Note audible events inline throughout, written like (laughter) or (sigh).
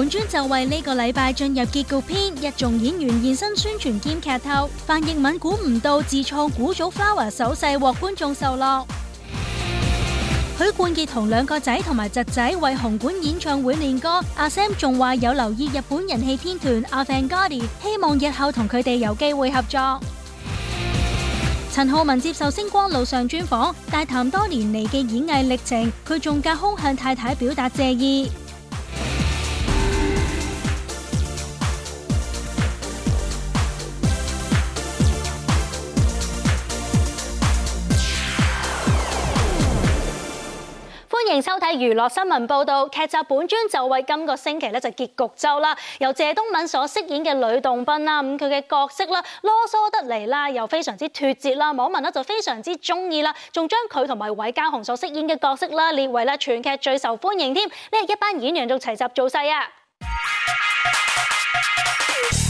本尊就為呢個禮拜進入結局篇，一眾演員現身宣傳兼劇透。范奕敏估唔到自創古早 flower 手勢獲觀眾受落。許 (music) 冠傑同兩個仔同埋侄仔為紅館演唱會練歌。阿 Sam 仲話有留意日本人氣天團阿 Avantgardey，希望日後同佢哋有機會合作。陳 (music) 浩文接受星光路上專訪，大談多年嚟嘅演藝歷程，佢仲隔空向太太表達謝意。歡迎收睇娛樂新聞報道，劇集本專就為今個星期咧就結局週啦。由謝東閔所飾演嘅呂洞賓啦，咁佢嘅角色啦囉嗦得嚟啦，又非常之脱節啦，網民咧就非常之中意啦，仲將佢同埋韋家雄所飾演嘅角色啦列為咧全劇最受歡迎添。呢一班演員仲齊集造勢啊！ (music)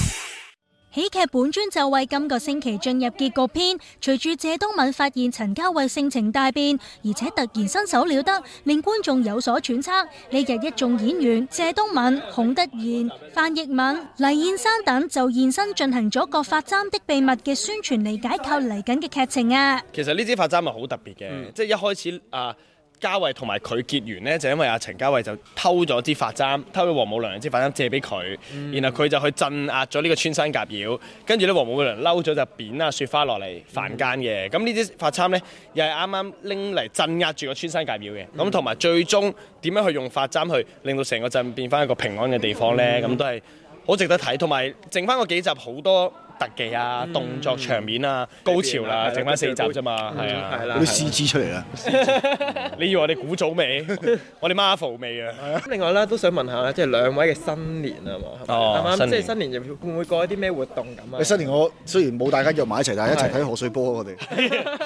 喜劇本尊就為今個星期進入結局篇，隨住謝東閔發現陳家慧性情大變，而且突然身手了得，令觀眾有所揣測。呢日一眾演員謝東閔、孔德賢、范逸敏、黎燕珊等就現身進行咗個《髮簪的秘密》嘅宣傳嚟解構嚟緊嘅劇情啊！其實呢支髮簪係好特別嘅，嗯、即係一開始啊。呃嘉慧同埋佢結緣呢，就係、因為阿陳嘉慧就偷咗支髮簪，偷咗黃母娘支髮簪借俾佢，嗯、然後佢就去鎮壓咗呢個穿山甲妖。跟住呢，黃母娘嬲咗就扁阿雪花落嚟凡間嘅。咁呢啲髮簪呢，又係啱啱拎嚟鎮壓住個穿山甲妖嘅。咁同埋最終點樣去用髮簪去令到成個鎮變翻一個平安嘅地方呢？咁都係好值得睇。同埋剩翻個幾集好多。特技啊，動作場面啊，高潮啦，剩翻四集啫嘛，係啊，啲 CG 出嚟啊，你以為我哋古早味，我哋 Marvel 味啊。咁另外咧，都想問下即係兩位嘅新年啊嘛，啱唔啱？即係新年會唔會過一啲咩活動咁啊？新年我雖然冇大家約埋一齊，但係一齊睇賀歲波我哋。係啊，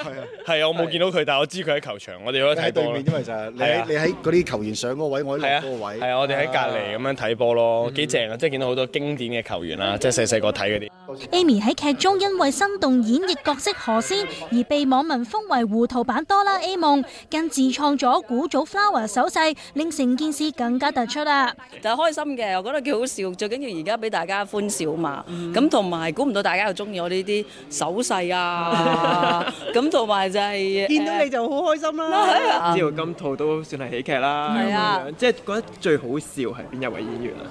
係啊，我冇見到佢，但係我知佢喺球場，我哋可睇對面，因為就係你喺你喺嗰啲球員上嗰位，我喺嗰位，係啊，我哋喺隔離咁樣睇波咯，幾正啊！即係見到好多經典嘅球員啊，即係細細個睇嗰啲。Amy 喺劇中因為生動演繹角色何仙，而被網民封為糊塗版多啦 A 夢，更自創咗古早 flower 手勢，令成件事更加突出啦！就係開心嘅，我覺得幾好笑，最緊要而家俾大家歡笑嘛。咁同埋估唔到大家又中意我呢啲手勢啊！咁同埋就係見到你就好開心啦！知道今套都算係喜劇啦，係啊，即係覺得最好笑係邊一位演員啊？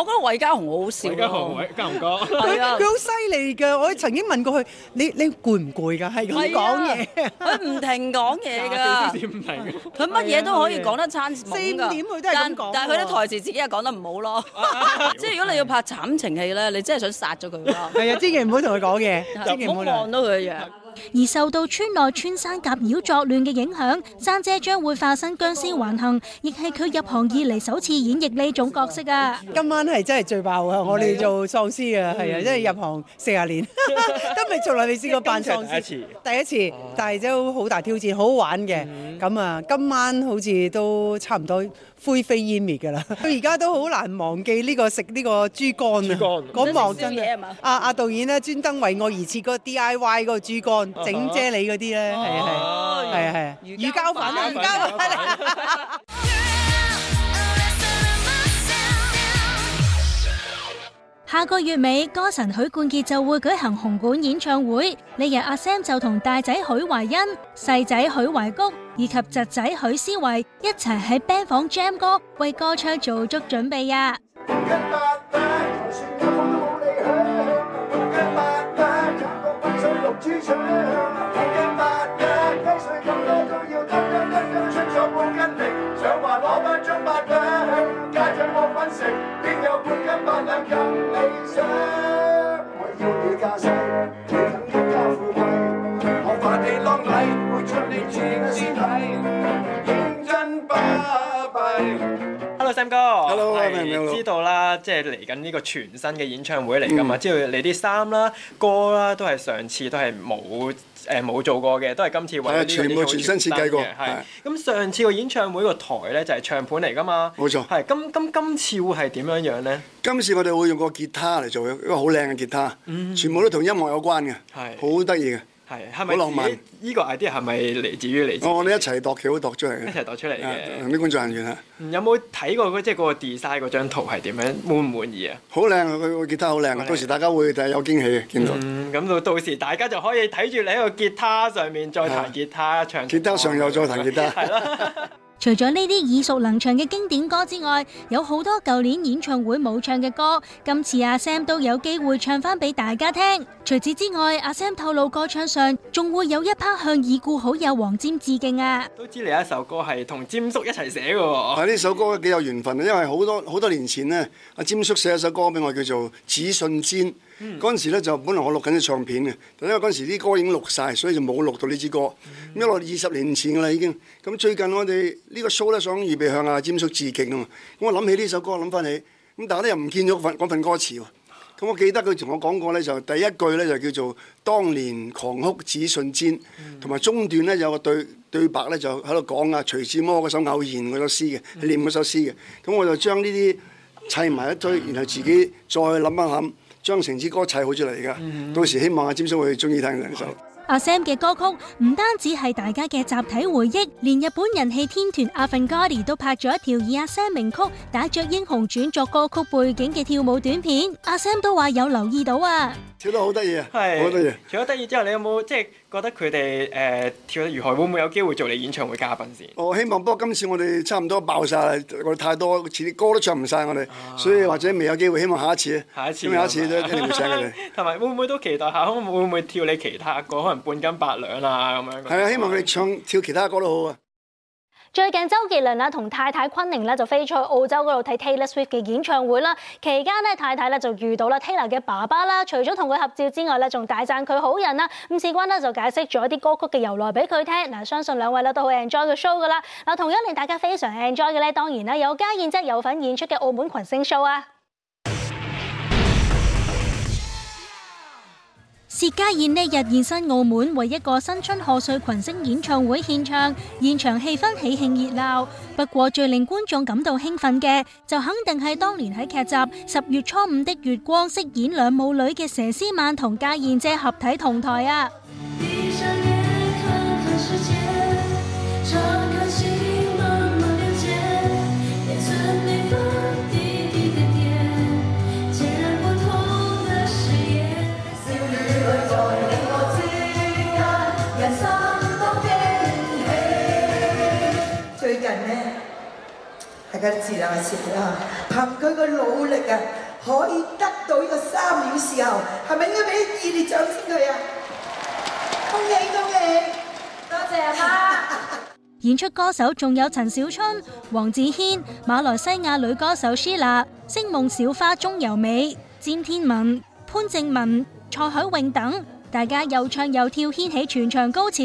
我覺得韋家雄好笑。韋家雄，韋家雄哥。佢佢好犀利㗎！我曾經問過佢：你你攰唔攰㗎？係咁講嘢，佢唔、啊、停講嘢㗎。四佢乜嘢都可以講得餐、啊啊、四五佢都係單講。但係佢啲台詞自己又講得唔好咯。即 (laughs) 係 (laughs) (laughs) 如果你要拍慘情戲咧，你真係想殺咗佢咯。係 (laughs) (laughs) (laughs) 啊，千祈唔好同佢講嘢，唔好望到佢樣。而受到村內穿山甲妖作亂嘅影響，山姐將會化身僵屍橫行，亦係佢入行以嚟首次演繹呢種角色啊！今晚係真係最爆啊！我哋做喪屍啊，係啊，即係入行四十年都未從來未試過扮喪屍，今次第一次，但係都好大挑戰，好好玩嘅。咁啊，今晚好似都差唔多。灰飛煙滅㗎啦！佢而家都好難忘記呢個食呢個豬肝乾啊！嗰望真嘅啊啊！導演咧、啊、專登為我而設個 DIY 個豬肝整啫喱嗰啲咧，係啊係啊係啊！是是魚，魚膠粉、啊、魚膠粉。下個月尾，歌神許冠傑就會舉行紅館演唱會。呢日阿 Sam 就同大仔許懷欣、細仔許懷谷以及侄仔許思維一齊喺 band 房 jam 歌，oy，為歌唱做足準備呀。Hello，Hello，Hello，Hello。Hello, I 'm 知道啦，即係嚟緊呢個全新嘅演唱會嚟噶嘛？即、嗯、知道你啲衫啦、歌啦，都係上次都係冇誒冇做過嘅，都係今次、這個。係啊，全部全新設計過。係咁，的上次個演唱會個台咧就係、是、唱盤嚟噶嘛？冇錯。係今今今次會係點樣樣咧？今次我哋會用個吉他嚟做，一個好靚嘅吉他，嗯、全部都同音樂有關嘅，係好得意嘅。係，係咪好浪漫，呢個 idea 係咪嚟自於你自？哦，我哋一齊度橋度出嚟嘅，一齊度出嚟嘅。啲工作人員啊、嗯，有冇睇過嗰即係嗰個 design 嗰張圖係點樣滿唔滿意啊？好靚，佢、個吉他好靚。到時大家會睇，有驚喜嘅。見到！咁到、嗯、到時大家就可以睇住你喺個吉他上面再彈吉他，唱、啊、唱吉他上又再彈吉他。係咯 (laughs) 是的。 (laughs) 除咗呢啲耳熟能詳嘅經典歌之外，有好多舊年演唱會冇唱嘅歌，今次阿 Sam 都有機會唱翻俾大家聽。除此之外，阿 Sam 透露，歌唱上仲會有一 part 向已故好友黃沾致敬啊！都知你有一首歌係同沾叔一齊寫噶喎，哦。呢首歌幾有緣分啊，因為好多好多年前呢，阿、啊、沾叔寫一首歌俾我，叫做《紙信箋》。嗰陣、mm. 時咧就本來我錄緊啲唱片嘅，但因為嗰陣時啲歌已經錄晒，所以就冇錄到呢支歌。咁因為二十年前噶啦已經，咁最近我哋呢個 show 咧想預備向阿詹叔致敬啊嘛。咁我諗起呢首歌，諗翻起，咁但係咧又唔見咗份份歌詞喎。咁我記得佢同我講過咧，就第一句咧就叫做當年狂哭紙信尖」，同埋中段咧有個對對白咧就喺度講啊，徐志摩嗰首偶然嗰首詩嘅，念嗰首詩嘅。咁、嗯 mm hmm. 我就將呢啲砌埋一堆，然後自己再諗一諗。將成支歌砌好出嚟噶，到時希望阿占生會中意聽呢首。阿 Sam 嘅歌曲唔單止係大家嘅集體回憶，連日本人氣天團 Avantgardey 都拍咗一條以阿 Sam 名曲《打雀英雄傳》作歌曲背景嘅跳舞短片。阿 Sam 都話有留意到啊，跳得好得意啊，係，好得意！除咗得意之後，你有冇即係？覺得佢哋誒跳得如何？會唔會有機會做你演唱會嘉賓先？我希望，不過今次我哋差唔多爆曬，我哋太多，似啲歌都唱唔晒我哋，啊、所以或者未有機會。希望下一次，下一次，希望下一次都一定會請佢哋。同埋 (laughs) 會唔會都期待下？可會唔會跳你其他歌？可能半斤八兩啊咁樣。係、那個、啊，希望佢哋唱跳其他歌都好啊。最近周杰倫啦同太太昆凌咧，就飛去澳洲嗰度睇 Taylor Swift 嘅演唱會啦，期間咧太太咧就遇到啦 Taylor 嘅爸爸啦，除咗同佢合照之外咧，仲大讚佢好人啦。咁事關咧就解釋咗一啲歌曲嘅由來俾佢聽。嗱，相信兩位咧都好 enjoy 嘅 show 噶啦。嗱，同樣令大家非常 enjoy 嘅咧，當然啦有家燕姐有份演出嘅澳門群星 show 啊！薛家燕呢日現身澳門，為一個新春賀歲群星演唱會獻唱，現場氣氛喜慶熱鬧。不過最令觀眾感到興奮嘅，就肯定係當年喺劇集《十月初五的月光》飾演兩母女嘅佘詩曼同家燕姐合體同台啊！嘅字啊，字啊！憑佢嘅努力啊，可以得到呢個三秒時候，係咪應該俾二列掌先佢啊？恭喜恭喜！多謝阿媽。演出歌手仲有陳小春、黃子軒、馬來西亞女歌手詩娜、星夢小花鍾柔美、詹天文、潘靜文、蔡海永等，大家又唱又跳，掀起全場高潮。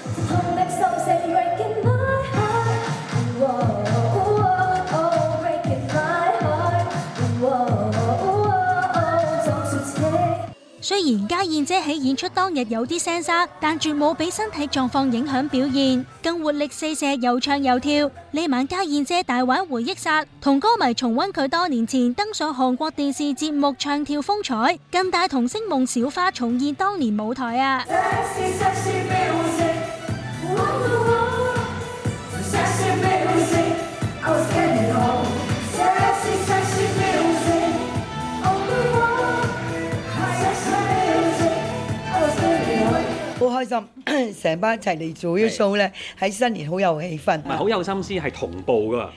雖然嘉燕姐喺演出當日有啲聲沙，但絕冇俾身體狀況影響表現，更活力四射又唱又跳。呢晚嘉燕姐大玩回憶殺，同歌迷重溫佢多年前登上韓國電視節目唱跳風采，更帶同星夢小花重現當年舞台啊！十四十四開心，成班一齊嚟做呢個 show 咧，喺的新年好有氣氛。唔係好有心思，係同步噶。啊，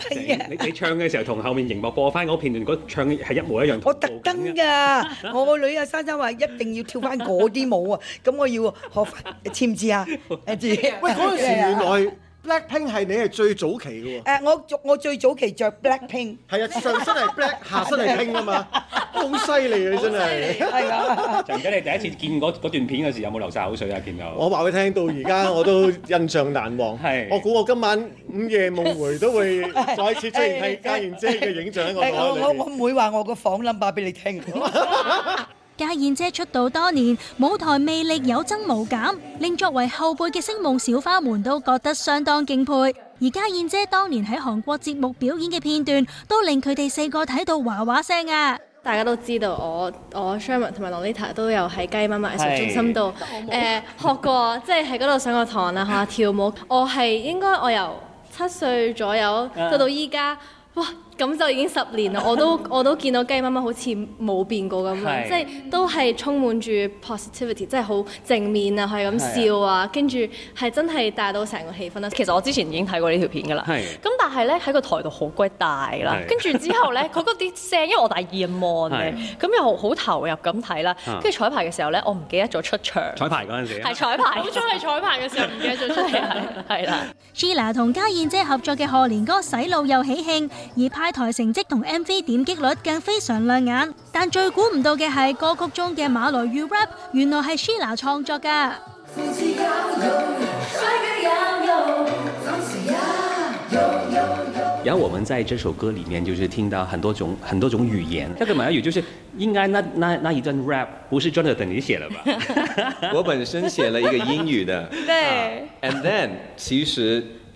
係啊！你你唱嘅時候，同後面熒幕播翻嗰片段，嗰、那個、唱係一模一樣同步。我特登㗎，我個女啊，珊珊話一定要跳翻嗰啲舞啊，咁 (laughs) 我要學，似唔似啊？似。 (laughs) (laughs) 喂，嗰陣時原來。 (laughs) Blackpink 係你係最早期嘅喎、啊。Uh, 我我最早期着 Blackpink 係啊， (laughs) 上身係 black，下身係 Pink 啊嘛， (laughs) 好犀利啊！你真係。係啊。就唔知你第一次見嗰段片嘅時候，有冇流晒口水啊？見到。 (laughs) 我話佢聽到而家我都印象難忘，係 (laughs) 是。我估我今晚午夜夢回都會再一次出現係嘉言姐嘅影像我腦 (laughs) 我我唔會話我個房 number 俾你聽。 (laughs) 家燕姐出道多年，舞台魅力有增無減，令作為後輩嘅星夢小花們都覺得相當敬佩。而家燕姐當年喺韓國節目表演嘅片段，都令佢哋四個睇到嘩嘩聲啊！大家都知道我，我我 Sherman 同埋 Lolita 都有喺雞媽媽藝術中心度誒是、呃、學過，即係喺嗰度上過堂啦吓跳舞。是我係應該我由七歲左右到到依家。是哇！咁就已經十年啦，我都我都見到雞媽媽好似冇變過咁樣，即係都係充滿住 positivity，即係好正面啊，係咁笑啊，跟住係真係帶到成個氣氛啦。其實我之前已經睇過呢條片㗎啦，咁但係呢，喺個台度好鬼大啦，跟住之後呢，佢嗰啲聲，因為我第二日望嘅，咁又好投入咁睇啦。跟住彩排嘅時候呢，我唔記得咗出場。彩排嗰陣時。係彩排，好彩係彩排嘅時候唔記得咗出場。係啦 Gila 同家燕姐合作嘅賀年歌，洗腦又喜慶，而台成績同 M V 點擊率更非常亮眼，但最估唔到嘅係歌曲中嘅馬來語 rap 原來係 Shila 創作噶。然後我們在這首歌裏面，就是聽到很多種很多種語言。這個馬來語就是應該那那那一段 rap 不是 Johnny 等你寫了吧？ (laughs) 我本身寫了一個英語的。 (laughs) 對、啊。And then 其實。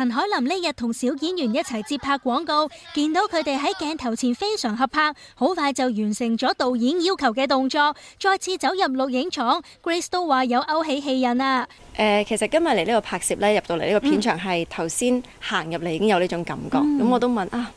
陳凱琳呢日同小演員一齊接拍廣告，見到佢哋喺鏡頭前非常合拍，好快就完成咗導演要求嘅動作。再次走入錄影廠，Grace 都話有勾起戲癮啊！誒、呃，其實今日嚟呢個拍攝咧，入到嚟呢個片場係頭先行入嚟已經有呢種感覺，咁、嗯、我都問啊，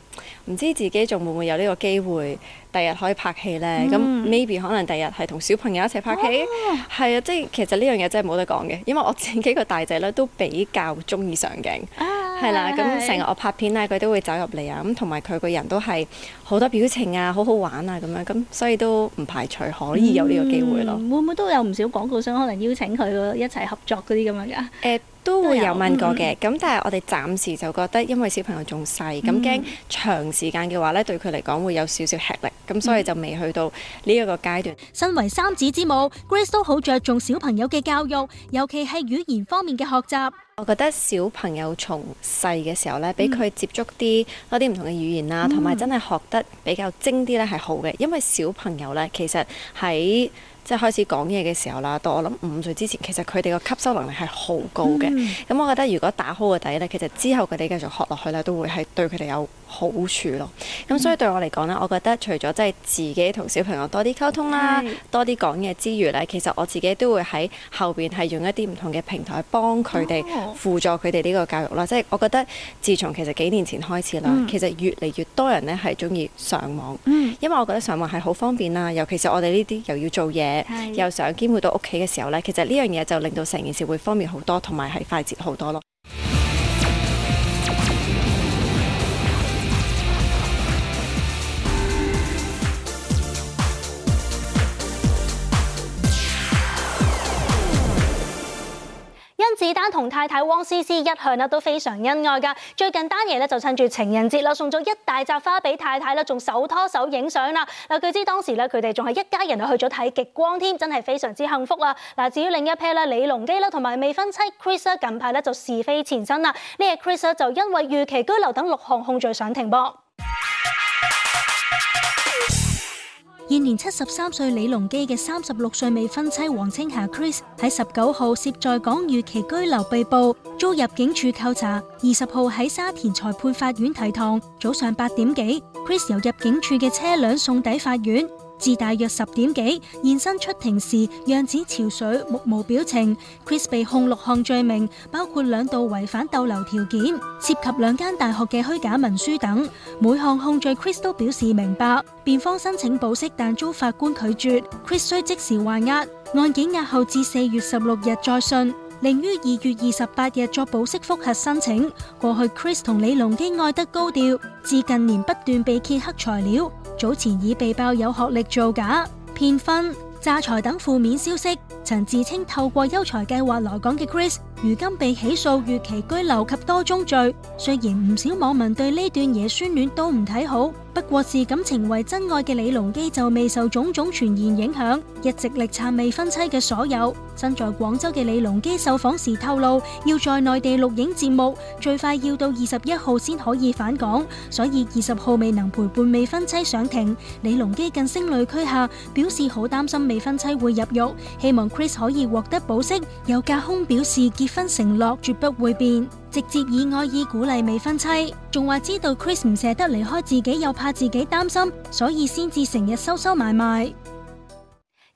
唔知自己仲會唔會有呢個機會，第日可以拍戲呢？嗯」咁 maybe 可能第日係同小朋友一齊拍戲，係啊，即係其實呢樣嘢真係冇得講嘅，因為我自己個大仔咧都比較中意上鏡。啊係啦，咁成日我拍片啊，佢都會走入嚟啊，咁同埋佢個人都係好多表情啊，好好玩啊咁樣，咁所以都唔排除可以有呢個機會咯、嗯。會唔會都有唔少廣告商可能邀請佢一齊合作嗰啲咁樣噶？誒、呃、都會有問過嘅，咁、嗯、但係我哋暫時就覺得，因為小朋友仲細，咁驚、嗯、長時間嘅話咧，對佢嚟講會有少少吃力，咁所以就未去到呢一個階段。嗯、身為三子之母，Grace 都好着重小朋友嘅教育，尤其係語言方面嘅學習。我覺得小朋友從細嘅時候咧，俾佢接觸啲、嗯、多啲唔同嘅語言啦，同埋、嗯、真係學得比較精啲咧係好嘅，因為小朋友咧，其實喺即係開始講嘢嘅時候啦，到我諗五歲之前，其實佢哋個吸收能力係好高嘅。咁、嗯、我覺得如果打好個底咧，其實之後佢哋繼續學落去咧，都會係對佢哋有。好，好處咯，咁、嗯、所以對我嚟講咧，我覺得除咗即係自己同小朋友多啲溝通啦，是多啲講嘢之餘咧，其實我自己都會喺後邊係用一啲唔同嘅平台幫佢哋輔助佢哋呢個教育啦。哦、即係我覺得自從其實幾年前開始啦，嗯、其實越嚟越多人咧係中意上網，嗯、因為我覺得上網係好方便啦。尤其是我哋呢啲又要做嘢，是又想兼顧到屋企嘅時候咧，其實呢樣嘢就令到成件事會方便好多，同埋係快捷好多咯。甄子丹同太太汪詩詩一向咧都非常恩愛噶，最近丹爺咧就趁住情人節啦，送咗一大紮花俾太太啦，仲手拖手影相啦。嗱，據知當時咧佢哋仲係一家人去咗睇極光添，真係非常之幸福啦。嗱，至於另一批咧，李龍基咧同埋未婚妻 Chris 近排咧就是非纏身啦。呢個 Chris 就因為逾期居留等六項控罪上庭噃。 (music) 現年七十三歲李龍基嘅三十六歲未婚妻王青霞 Chris 喺，十九號涉在港逾期居留被捕，遭入境處扣查。二十號喺沙田裁判法院提堂，早上八點幾，Chris 由入境處嘅車輛送抵法院。至大約十點幾現身出庭時，樣子憔悴，目無表情。Chris 被控六項罪名，包括兩度違反逗留條件，涉及兩間大學嘅虛假文書等。每項控罪，Chris 都表示明白。辯方申請保釋，但遭法官拒絕。Chris 需即時還押。案件押後至四月十六日再訊，另於二月二十八日作保釋覆核申請。過去 Chris 同李龍基愛得高調，至近年不斷被揭黑材料。早前已被爆有學歷造假、騙婚詐財等負面消息，曾自稱透過優才計劃來港嘅 Chris。如今被起訴逾期居留及多宗罪，雖然唔少網民對呢段爺孫戀都唔睇好，不過視感情為真愛嘅李龍基就未受種種傳言影響，一直力撐未婚妻嘅所有。身在廣州嘅李龍基受訪時透露，要在內地錄影節目，最快要到二十一號先可以返港，所以二十號未能陪伴未婚妻上庭。李龍基更聲淚俱下，表示好擔心未婚妻會入獄，希望 Chris 可以獲得保釋。有隔空表示。結婚承諾絕不會變，直接以愛意鼓勵未婚妻，仲話知道 Chris 唔捨得離開自己，又怕自己擔心，所以先至成日收收埋埋。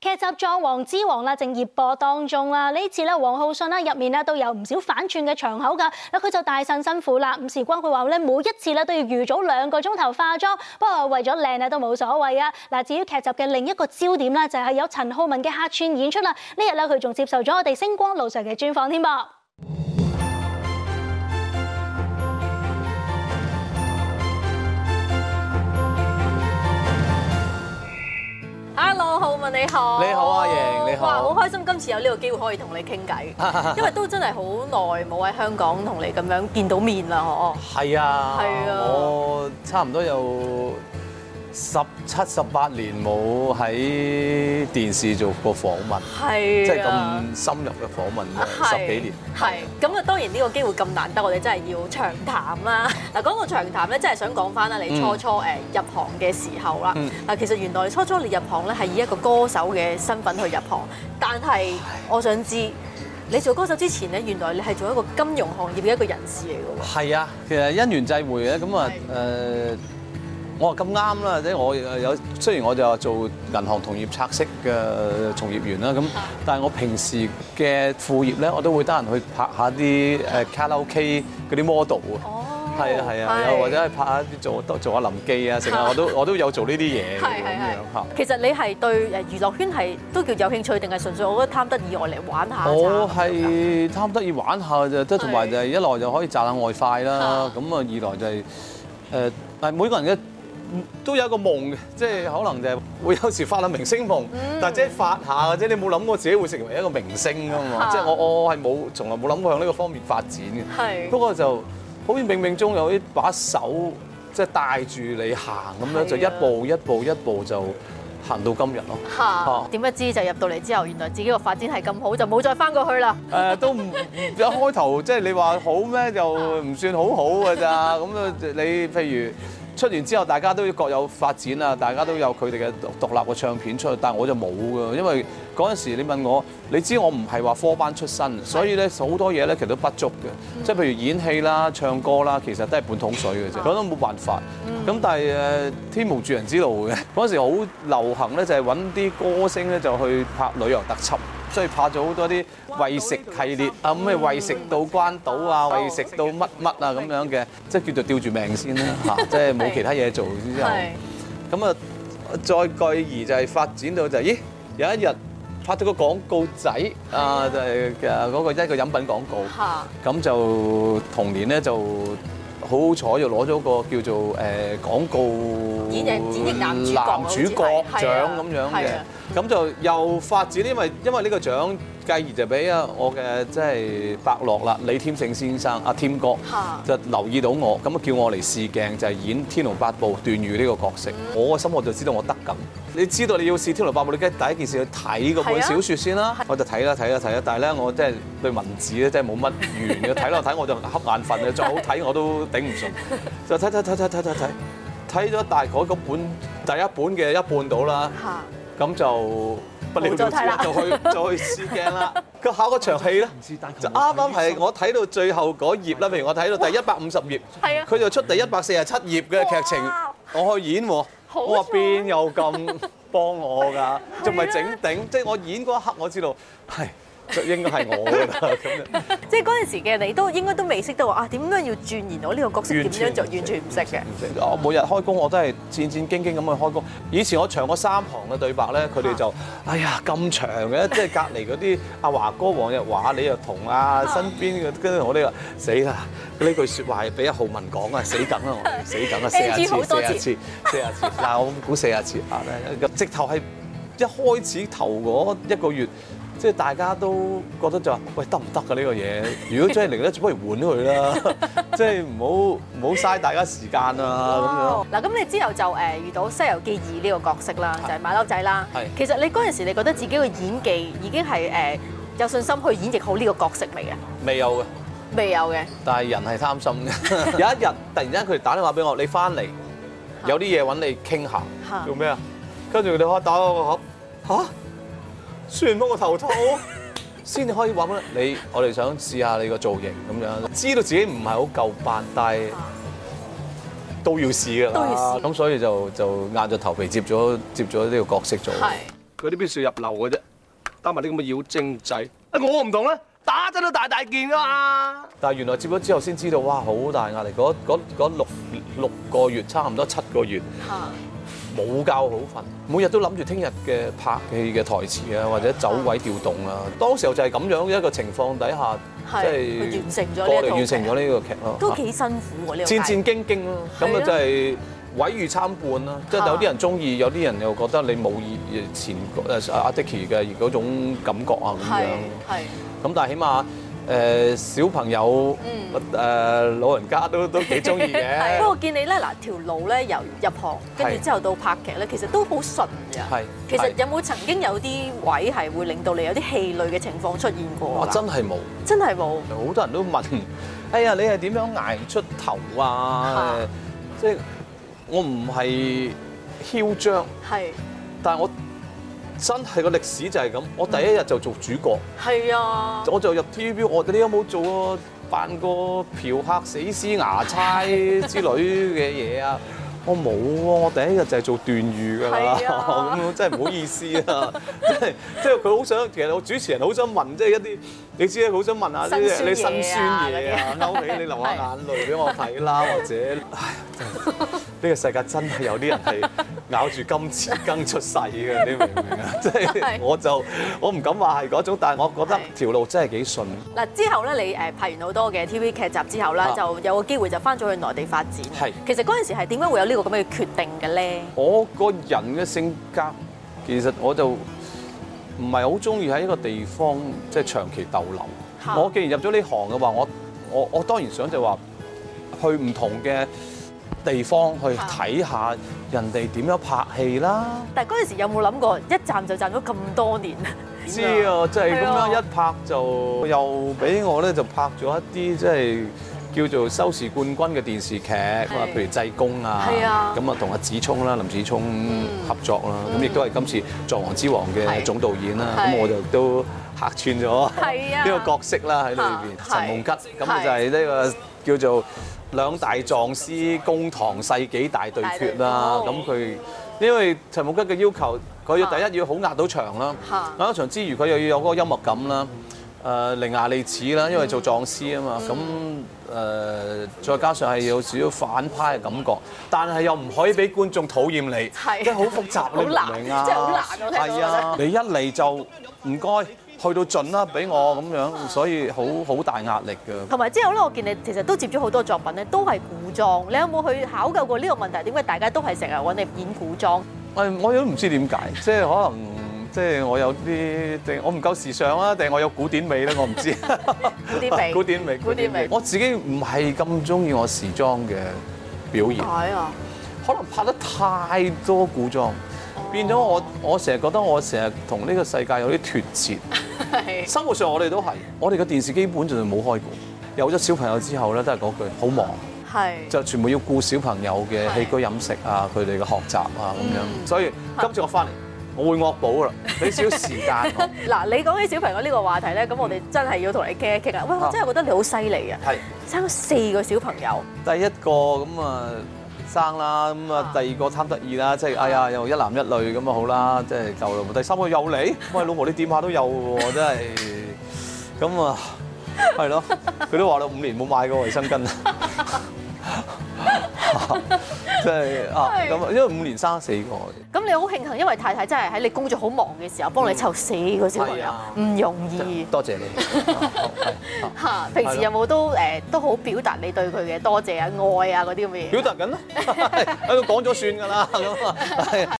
劇集《撞王之王》啦，正熱播當中啦。呢次咧，王浩信啦入面咧都有唔少反串嘅場口㗎。佢就大呻辛苦啦。吳時光佢話咧，每一次咧都要預早兩個鐘頭化妝，不過為咗靚啊都冇所謂啊。嗱，至於劇集嘅另一個焦點咧，就係、是、有陳浩文嘅客串演出啦。呢日咧，佢仲接受咗我哋星光路上嘅專訪添噃。hello，浩文你好。你好，阿盈，你好。哇，好開心今次有呢個機會可以同你傾偈， (laughs) 因為都真係好耐冇喺香港同你咁樣見到面啦，哦，係啊，係啊，我差唔多有十七十八年冇喺電視做過訪問，的即係咁深入嘅訪問，的十幾年。係咁啊！的當然呢個機會咁難得，我哋真係要長談啦。嗱，講到長談咧，真係想講翻啦，你初初誒入行嘅時候啦。嗱、嗯，其實原來初初你入行咧係以一個歌手嘅身份去入行，但係我想知你做歌手之前咧，原來你係做一個金融行業嘅一個人士嚟嘅喎。係啊，其實因緣際會咧，咁啊誒。的我話咁啱啦，即係我有雖然我就做銀行同業測試嘅從業員啦，咁但係我平時嘅副業咧，我都會得閒去拍下啲誒卡拉 OK 嗰啲 model 哦，係啊係啊，又或者係拍下啲做多做下臨記啊，成日，我都我都有做呢啲嘢。係係係。其實你係對誒娛樂圈係都叫有興趣，定係純粹我覺得貪得意外嚟玩下？我係貪得意玩下就，即同埋就係一來就可以賺下外快啦。咁啊二來就係誒，但係每個人嘅。 (noise) 都有一個夢，即係可能就係會有時發下明星夢，嗯、但即係發下或者你冇諗過自己會成為一個明星㗎嘛？是的 即係我我係冇從來冇諗過向呢個方面發展嘅。係不過就好似冥冥中有啲把手，即係帶住你行咁樣，就一步一步一步，一步就行到今日咯。嚇點不知就入到嚟之後，原來自己個發展係咁好，就冇再翻過去啦。誒、呃、都唔一開頭，即係你話好咩？就唔算好好㗎咋咁啊！就你譬如。嗯出完之後，大家都各有發展啊！大家都有佢哋嘅獨立嘅唱片出嚟，但係我就冇㗎，因為嗰陣時你問我，你知我唔係話科班出身，所以咧好多嘢咧其實都不足嘅，即係譬如演戲啦、唱歌啦，其實都係半桶水嘅啫。咁都冇辦法，咁但係誒，天無絕人之路嘅，嗰陣時好流行咧，就係揾啲歌星咧就去拍旅遊特輯。所以拍咗好多啲餵食系列啊，咁咩餵食到關島啊，餵食到乜乜啊咁樣嘅，即係叫做吊住命先啦嚇，即係冇其他嘢做先之後。咁啊，再繼而就係發展到就係咦有一日拍咗個廣告仔啊，就係誒嗰個一個飲品廣告。嚇！咁就同年咧就。好彩又攞咗個叫做誒廣告男主角獎咁的樣嘅，咁就又發展，因為因為呢個獎繼而就俾啊我嘅即係伯樂啦李添勝先生阿添、嗯啊、哥是的 就留意到我，咁啊叫我嚟試鏡就係、是、演《天龍八部》段譽呢個角色，嗯、我個心我就知道我得緊。你知道你要試《天龍八部》你梗係第一件事去睇嗰本小説先啦，我就睇啦睇啦睇啦，但係咧我真係對文字咧真係冇乜緣嘅，睇啦。睇我就瞌眼瞓啊！再好睇我都頂唔順，就睇睇睇睇睇睇睇，睇咗大概嗰本第一本嘅一半到啦，咁是的 就不了了之就去了了就去，再去試鏡啦。佢考嗰場戲咧，就啱啱係我睇到最後嗰頁啦，譬如我睇到第一百五十頁，佢哇就出第一百四十七頁嘅劇情，哇我去演喎。我話邊有咁幫我㗎？仲唔係整頂？ (laughs) 呢即係我演嗰刻，我知道係。 (laughs) 應該係我啦，咁即係嗰陣時嘅你都應該都未識到話啊，點樣要鑽研我呢個角色點樣就完全唔識嘅。我每日開工我都係戰戰兢兢咁去開工。以前我長過三行嘅對白咧，佢哋就哎呀咁長嘅，即係隔離嗰啲阿華哥、黃日華，你又同啊身邊嘅，跟住 (laughs) 我呢話死啦！呢句説話係俾阿浩文講啊，死梗啦，死梗啊，四啊次，次，次，四啊次，四啊次，嗱我估「四啊次啊咧，直頭係一開始頭嗰一個月。即係大家都覺得就話，喂，得唔得㗎呢個嘢？如果真係嚟呢，不如換佢啦！即係唔好唔好嘥大家時間啊咁樣。嗱咁你之後就誒遇到《西遊記二》呢個角色啦，就係馬騮仔啦。其實你嗰陣時你覺得自己嘅演技已經係誒有信心去演繹好呢個角色未啊？未有嘅，未有嘅。但係人係貪心嘅，有一日突然之間佢哋打電話俾我，你翻嚟有啲嘢揾你傾下，做咩啊？跟住佢哋開打開個盒，嚇！梳完幫我頭套，先至 (laughs) 可以話俾我嘗嘗你我哋想試下你個造型咁樣，知道自己唔係好夠班，但係、啊、都要試噶啦。咁所以就就硬著頭皮接咗接咗呢個角色做是。係，佢啲邊需入流嘅啫？擔埋啲咁嘅妖精仔。啊，我唔同啦，打真都大大件噶嘛。但係原來接咗之後先知道，哇！好大壓力。嗰六六個月，差唔多七個月。嚇！冇 (music) 覺好瞓，每日都諗住聽日嘅拍戲嘅台詞啊，或者走位調動啊。的當時候就係咁樣一個情況底下，即係來完成咗完成咗呢個劇咯，都幾辛苦喎。戰戰兢兢咯，咁啊是的 就係毀譽參半啦。即係是的 有啲人中意，的有啲人又覺得你冇以前阿阿迪奇嘅嗰種感覺啊咁樣。係。咁但係起碼。誒小朋友，誒老人家都都幾中意嘅。不過見你咧，嗱條路咧由入行，跟住之後到拍劇咧，其實都好順嘅。係，其實有冇曾經有啲位係會令到你有啲氣餒嘅情況出現過？我真係冇，真係冇。好多人都問，哎呀，你係點樣捱唔出頭啊？即係我唔係囂張，係，但係我。真係個歷史就係咁，我第一日就做主角。係啊，我就入 TVB，我哋你有冇做過扮過嫖客、死屍衙差之類嘅嘢啊？我冇啊。我第一日就係做段譽㗎啦，咁是、啊、 (laughs) 真係唔好意思啊！即即佢好想，其實個主持人好想問，即、就、係、是、一啲你知好想問下啲、啊、你辛酸嘢啊，勾起你流下眼淚俾 (laughs) 我睇啦，或者呢 (laughs) (laughs) 個世界真係有啲人係，咬住金錢羹出世嘅，你明唔明啊？即係 (laughs) 對、就是、我就我唔敢話係嗰種，但係我覺得條路真係幾順，順。嗱，之後咧，你誒拍完好多嘅 TV 劇集之後啦，是的 就有個機會就返咗去內地發展。係，是的 其實嗰陣時係點解會有呢個咁嘅決定嘅咧？我個人嘅性格其實我就唔係好鍾意喺一個地方即係、就是、長期逗留。是的 我既然入咗呢行嘅話，我我我當然想就話去唔同嘅。地方去睇下人哋點樣拍戲啦。但係嗰陣時有冇諗過一賺就賺咗咁多年啊？知啊，即係咁樣一拍就又俾我咧就拍咗一啲即係叫做收視冠軍嘅電視劇，咁啊譬如《濟公》啊，咁啊同阿子聰啦、林子聰合作啦，咁亦都係今次《藏王之王》嘅總導演啦，咁我就都客串咗呢個角色啦喺裏邊，陳夢吉，咁啊就係呢個叫做。兩大狀師公堂世紀大對決啦！咁佢、oh. 因為陳木吉嘅要求，佢要第一、ah. 要好壓到場啦，壓、ah. 到場之餘佢又要有嗰個幽默感啦，誒伶牙俐齒啦，因為做狀師、mm. 啊嘛，咁誒再加上係有少少反派嘅感覺，但係又唔可以俾觀眾討厭你，是即係好複雜你難，你明唔明啊？係啊， (laughs) 你一嚟就唔該。去到盡啦，俾我咁樣，所以好好大壓力嘅。同埋之後咧，我見你其實都接咗好多作品咧，都係古裝。你有冇去考究過呢個問題？點解大家都係成日揾你演古裝？誒，我都唔知點解，即係可能即係我有啲，我唔夠時尚啊，定係我有古典味咧？我唔知古典味，古典味，古典味。古典味我自己唔係咁中意我時裝嘅表現。係啊，可能拍得太多古裝，哦、變咗我，我成日覺得我成日同呢個世界有啲脫節。是生活上我哋都係，我哋個電視基本就冇開過。有咗小朋友之後咧，都係嗰句好忙，是就全部要顧小朋友嘅起居飲食啊，佢哋嘅學習啊咁樣。嗯、所以是今次我翻嚟，我會惡補噶啦，俾少時間我。嗱， (laughs) 你講起小朋友呢個話題咧，咁我哋真係要同你傾一傾啊！喂，我真係覺得你好犀利啊！係是生咗四個小朋友，第一個咁啊。生啦，咁啊第二個貪得意啦，即係哎呀又一男一女咁啊好啦，即係就。第三個又嚟，喂老婆你點下都有喎，真係，咁啊係咯，佢都話你五年冇買過衛生巾。 (laughs) 即係啊，咁啊，因為五年生四個。咁你好慶幸，因為太太真係喺你工作好忙嘅時候幫你湊四個小朋友，唔的容易。多謝你。嚇， (laughs) 平時有冇都誒都好表達你對佢嘅多謝啊、愛啊嗰啲咁嘅嘢？嗯、表達緊，喺度講咗算㗎啦。 (laughs)